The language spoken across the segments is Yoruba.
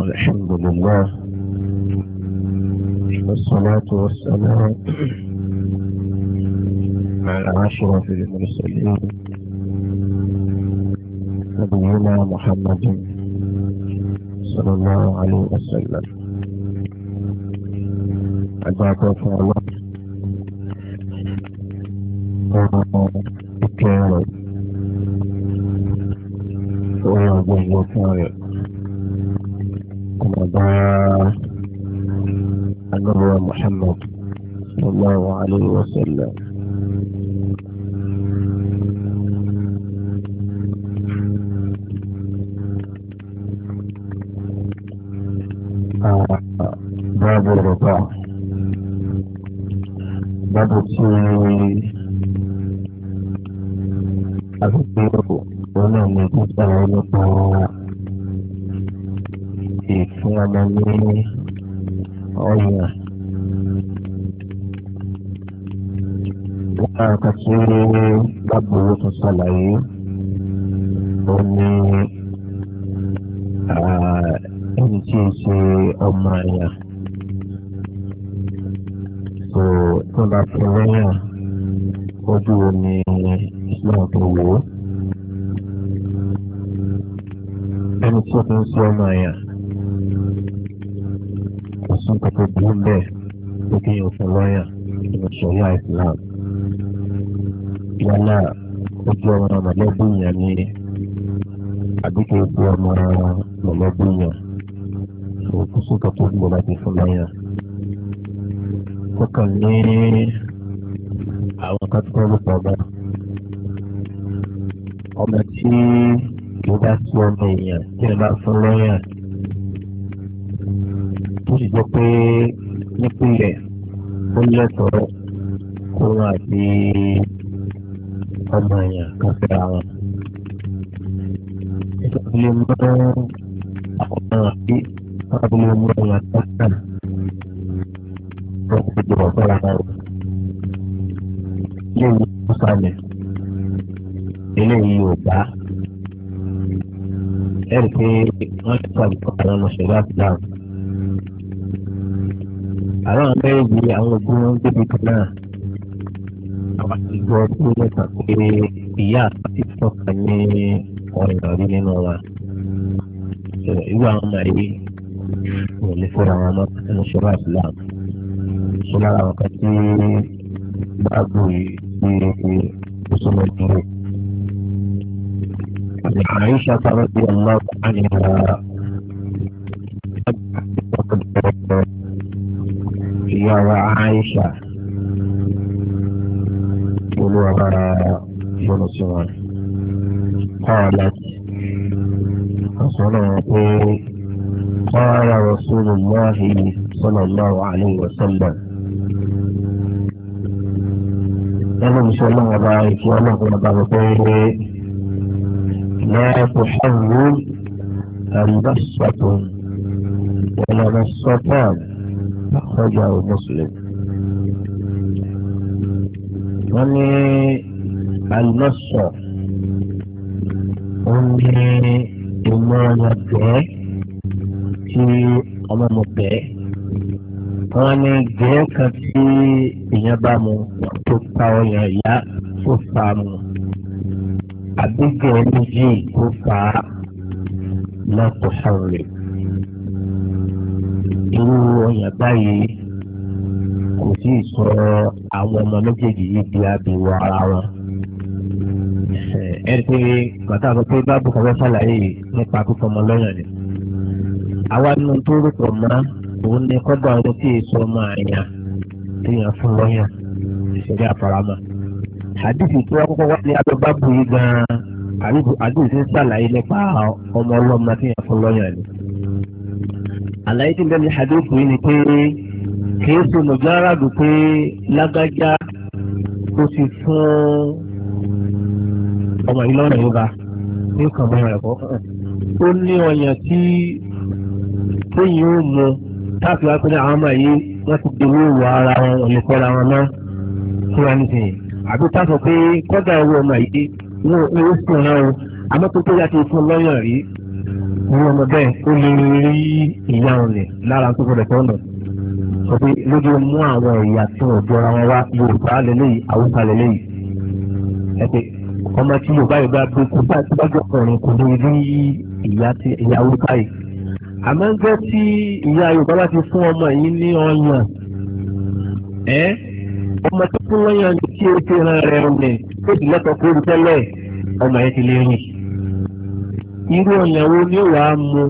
الحمد لله والصلاة والسلام على أشرف المرسلين نبينا محمد صلى الله عليه وسلم أدعوك الله وكان ويعجز وكان وبعد نبوة محمد صلى الله عليه وسلم باب الرضاع باب الرضا أفكر ونعم يتسأل ونعم ìfún ọmọ ní ọyàn. lára kan tí bábòwò tún ṣàlàyé ó ní ẹni tí ó ṣe ọmọ àyà tó tó bá fún lẹ́yìn ojú omi islam tó wò ó ẹni tí ó fi ń ṣe ọmọ àyà kò burú bẹ́ẹ̀ tó kí yóò fún lọ́ọ̀yà nínú sọ̀yà Islam. yálà ó jẹ́ ọmọ mọ̀lẹ́bí yẹn ní àdúgbò ìgbé ọmọ mọ̀lẹ́bí yẹn òkú sókè tó gbọ́ láti fún lọ́ọ̀yà. kọ́kàn ní àwọn kátólù pọ̀ bá ọmọ tí kì í dá ọmọ èèyàn tí ẹ bá fún tó sì jọ pé nípìnlẹ̀ ó lẹ́tọ̀ọ́ kóra àti ọmọ èèyàn kan fẹ́ra wọn. ìṣàkóso mọ́ àkọ́kọ́ àti ọ̀dọ́mọ mọ́ ọ̀nà pátá wọ́n ti dùn ọ̀fẹ́ra wọn. léwu tó sálẹ̀ eléyìí ò bá ẹ̀rí pé wọ́n ti sàbùkọ́ àwọn ọmọ ṣẹ̀dá àti dáhùn àwọn méjì àwọn òbí wọn débi kan náà àwọn ti gbọ́ pé mẹ́ta pé ìyá àti tọ́ka ní ọ̀rọ̀ rí nínú wa irú àwọn ọmọ yìí lè fọ́ra wọn mọ́ nínú ṣọ́ra islam ṣọ́ra àwọn kan tí báàbò yìí ti sọ́mọ́ dúró. عائشة رضي الله عنها ìyá wa Aisha olúwa bára fọlọ sí wọn. Kọ́ọ̀lá ọ̀sán náà pé kọ́ọ̀lá Rasulullah sallallahu alaihi wasallam. Ẹnu mi sọ lọ́wọ́ bá ìfi ọlọ́run bá mi pé pé lẹ́yìn tó ṣàwùú àlùbáṣọ́tò ìlànà sọ́tàn rajahu Muslim. wọ́n ní àlùmọ́sọ̀ wọ́n ní ìmọ̀ràn bẹ́ẹ̀ tí ọmọ mọ̀ bẹ́ẹ̀ wọ́n ní bẹ́ẹ̀ kan tí èèyàn bá mu tó pa ọyàn ìyá tó fa mu àbí gẹ̀ẹ́ méjì tó fa lọ́kọ̀ọ́ irú ọyàn báyìí kò sí sọ àwọn ọmọ méjèèjì yìí di àbẹ̀wò ara wọn. ẹ pé bàtà sọ pé báàbù kan fẹ́ ṣàlàyé nípa pípọ̀ ọmọ lọ́yàn ni. àwa nínú tó rúpọ̀ mọ́ òun ni kọ́dọ̀ àwọn tí èso ọmọ àyàn tí yàn fún lọ́yàn ìṣẹ̀lẹ̀ àfaramọ́. àdìsí tí wọ́n kọ́kọ́ wá ní abẹ́ báàbù yìí gan-an àdìsí ń ṣàlàyé àlàyé tí ń bẹ́ẹ̀ ní hadith yìí ni pé kìí ṣe mọ̀járàdù pé lágbájá ó ti fún ọmọ yìí lọ́nà yóò bá ní kàn mọ́ ẹ̀kọ́. ó ní ọ̀yàn tí tóyìn ó mu táàpì wá pé ní àwọn ọmọ yìí wọ́n ti dèrò ìwà ara wọn ọ̀lẹ́kọ́ ara wọn náà fún wa nìyẹn. àbí táàpì pé kọ́dà owó ọmọ yìí wọ́n ó sùn náà o àmọ́ tó tó yá ti lọ́yàn rí irú ọmọ bẹ́ẹ̀ ó lè rí ìyá ọ̀nì lára tó gbọdọ̀ tó ọ̀nà sọ pé lójú mú àwọn ẹ̀yà tí wọ́n jọra wọn wá Yorùbá lélẹ́yìí Haúsá lélẹ́yìí ẹ pé ọmọ tí Yorùbá yìí bá gbé kó bá gbọ́dọ̀ ọ̀rìn kò ní rí ìyá tí ìyá Haúsá yìí àmọ́ ń gbé tí ìyá Yorùbá bá ti fún ọmọ yìí ní ọyàn ẹ ọmọ tó fún ọyàn tí ó ti rán rẹ̀ ọ̀nì tó ti lẹ́tọ̀ọ́ kó rí tẹ́lẹ̀ ọmọ yẹn ti lè rìn irú ọ̀yàn wo ni wà á mu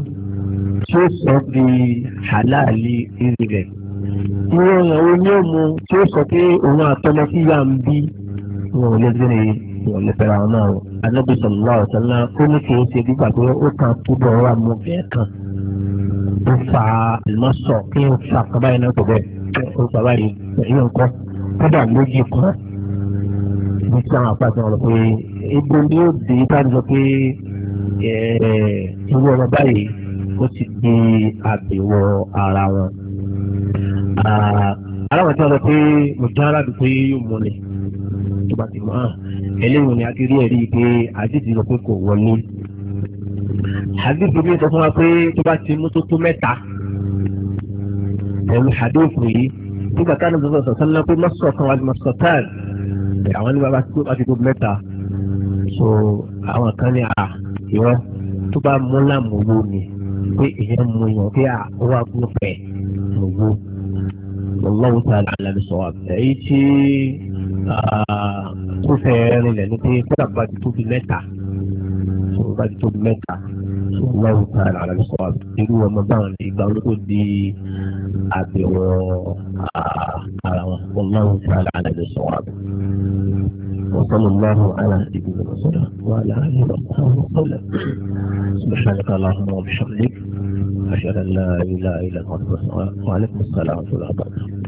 tí ó sọ pé halali rẹ̀ irú ọ̀yàn wo ni ó mu tí ó sọ pé òun àtọmọ sí yá ń bí wọn ò lè gbé ní wọn lè fẹ́ra wọn náà o anábì sọ̀rọ̀ ọ̀sán náà ó ní kí n ṣe gbígbà pé ó kàn túbọ̀ wà mú bẹ́ẹ̀ kan ó fa àlùmọ́sọ̀ kí n fa kaba yẹn náà tó bẹ́ẹ̀ ó fa báyìí ẹ̀yìn nǹkan kódà méjì kan ní sáwọn apá àti wọn lọ pé egbò ó dé tá a lọ pé irú ọmọ báyìí ó ti di àbẹ̀wò ara wọn. ara wọn tí wọ́n sọ pé mo já aládùn pé yóò mú ni tó bá ti mọ́ hàn eléyìí ni akérí ẹ̀rí pé àdìsí lọ pé kò wọlé. àdìsí mi sọ fún wa pé tó bá ti mú tó tó mẹ́ta ẹ̀rù àdéhùn yìí nígbà táwọn ọmọ sọ̀tàn sọ̀tàn pé mọ́sọ̀ kan wà ní mọ́sọ̀ tán àwọn ní bàbá tó bá ti tó mẹ́ta so àwọn kan ní à ìran tó bá mú lámòwò ni pé èèyàn mú yàn pé àwọn agbó fẹ̀ mòwò lọ́wọ́ tí a lè lẹ́nu sọ àbẹ̀ èyí tí tó fẹ́ rinlẹ̀ ní pé kó dàgbà bá ti tó fi mẹ́ta. wallahu تعالى على الصواب sawab irú يقول ودي ìgbà والله تعالى على الصواب وصلى الله على سيدنا رسول وعلى اله وصحبه وسلم سبحانك اللهم وبحمدك اشهد ان لا اله الا انت وعليكم السلام ورحمه الله وبركاته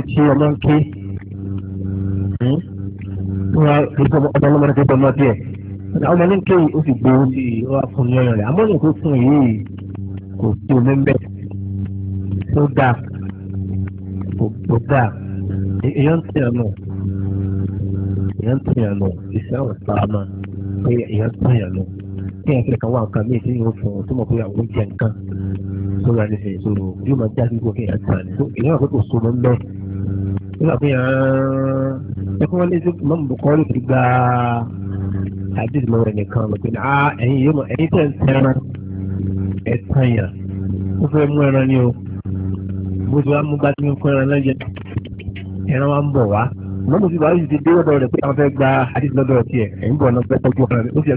ẹni tí ọmọ ń ké hmm? ọmọ ọlọ́mọ rẹ̀ tó ọmọ díẹ̀ ọmọ ní ké o sì gbé o sì wá fún ní ọyàn àmọ́ ní fún yìí kò sí omi ń bẹ̀ tó dáa kò dáa èèyàn ń tẹ̀yàn nù èèyàn ń tẹ̀yàn nù ìṣẹ́ ọ̀sán àmọ́ pé èèyàn ń tẹ̀yàn nù kí ẹ̀kẹ́ kan wá nǹkan míì tí yóò fún un tó mọ̀ pé àwọn oúnjẹ nǹkan tó rà nífẹ̀ẹ́ ìṣòro yóò máa já sí gbogbo kí èèyàn tẹ̀yàn nù èèyàn àkókò sọmọ ń bẹ́ẹ̀ nígbà pé ẹkún wọn léṣe mọ́mú bukọ́lù ti gba àdìsí mọ́mú rẹ̀ nìkan lọ pé náà ẹ̀yin yóò mọ ẹ̀yin tẹ̀ ń tẹran ẹ̀tàn yàn ó fẹ́ mú ẹran ni o bó ti wá mú bá ti ń fún ẹran lẹ́yìn ẹran wa ń bọ̀ wá mọ́mú ti báyìí ti dé lọ́dọ̀ rẹ̀ pé àwọn fẹ́ gba àdìsí lọ́dọ̀ rẹ̀ tiẹ̀ ẹ̀yin bọ̀ náà fẹ́ tọ́jú ọ̀ràn rẹ̀ ó fi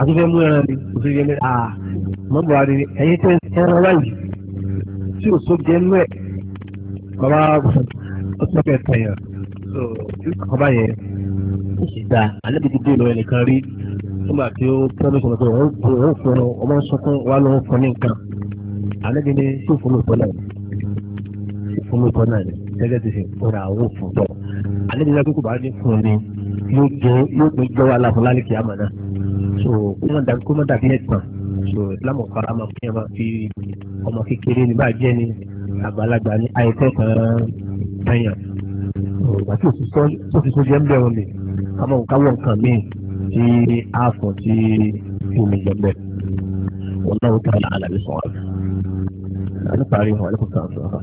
àtúfẹ́ mú ẹran ni kò sí yẹn mọ́mú wa ni ẹ̀yin tẹ̀ ń tẹran wáyìí tí ò só jẹ́ nú ẹ̀ bàbá ó tún fẹ́ tẹ̀yàn so ọba yẹn ó sì dá àlébùkù bóòlù ẹ̀ nìkan rí nígbà tí ó promise ọmọ pé òun fún ọmọ sọkún wà lóun fún ní nǹkan àlébi ni sí fún mi tọ́lá sí fún mi tọ́lá rẹ̀ gẹ́gẹ́ ti fi fúnra àwọn òfin tọ́ àlébi ni akókò bá ní fún mi yóò jẹ yóò pé jọ́wọ́ aláfọlá ní so kó má dàbí ẹ̀tàn so islam fara máa fi ọmọ kékeré ní bá jẹ́ ni àgbàlagbà ní àìtẹ́ tẹ̀yàn ìgbà tí òsì sọ́ọ̀sì tó jẹ́ ń bẹ̀rù lè àmọ́ nǹkan wọ̀ nǹkan míì tí a fọ̀ tí omi jẹ́ bẹ̀ wọn náà ó tẹ̀lé àlàyé sọ̀rọ̀ àti parí wọn àlékún kan sọ̀rọ̀.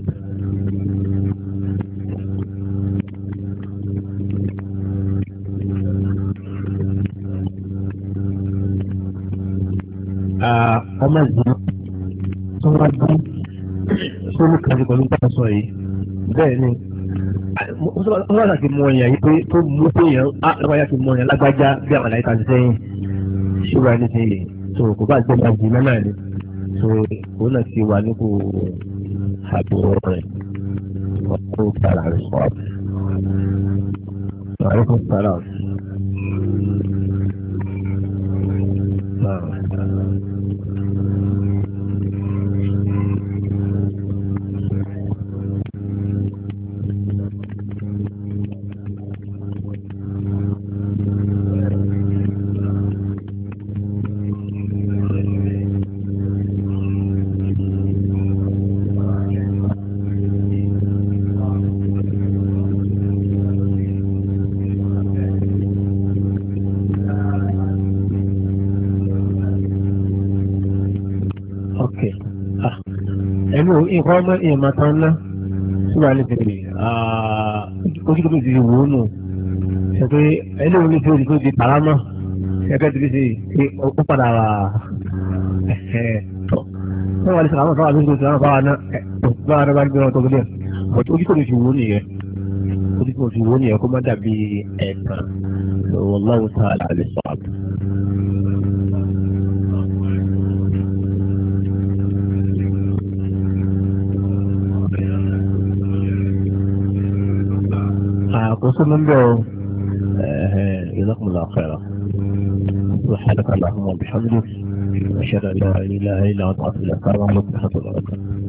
ọmọ ìgbà tó wá dé sórí kan ní pàṣẹ yìí bẹ́ẹ̀ ni mọ́sálà ti mọ èèyàn yìí pé tó mú téèyàn á lọ́wọ́yà ti mọ èèyàn lágbájá bí àmàlà ìta ti sẹ́yìn ṣúra ní ti yìí so kò bá gbé ma jù náà ni so òun náà ti wà nípò àbúrò rẹ̀ ọkọ̀ ìtara rẹ̀ sọ àbúrò. Alaikum salaam. èmi ò nǹkan ọmọ èèyàn máa tán ná síbà ní bèrè ojú tó ti wò ó nù ṣe pé ẹni òun ní fi olùkọ́ di pàrámà ẹgbẹ́ tó ti ṣe pé ó padà wà tọ́ wọ́n wà ní sàlámà fáwọn àbí sàlámà fáwọn náà báwa náà bá ń gbéra ọ̀tọ̀ gbélé ọ̀tọ̀ ojú ti wò ó nìyẹn ojú tó ti wò ó nìyẹn kó má dàbí ẹ̀ẹ̀kan wallahu ta'ala àlẹ́ sọ̀rọ̀ وصلنا به جزاكم الله خيرا سبحانك اللهم وبحمدك أشهد أن لا إله إلا أنت أستغفرك وأتوب إليك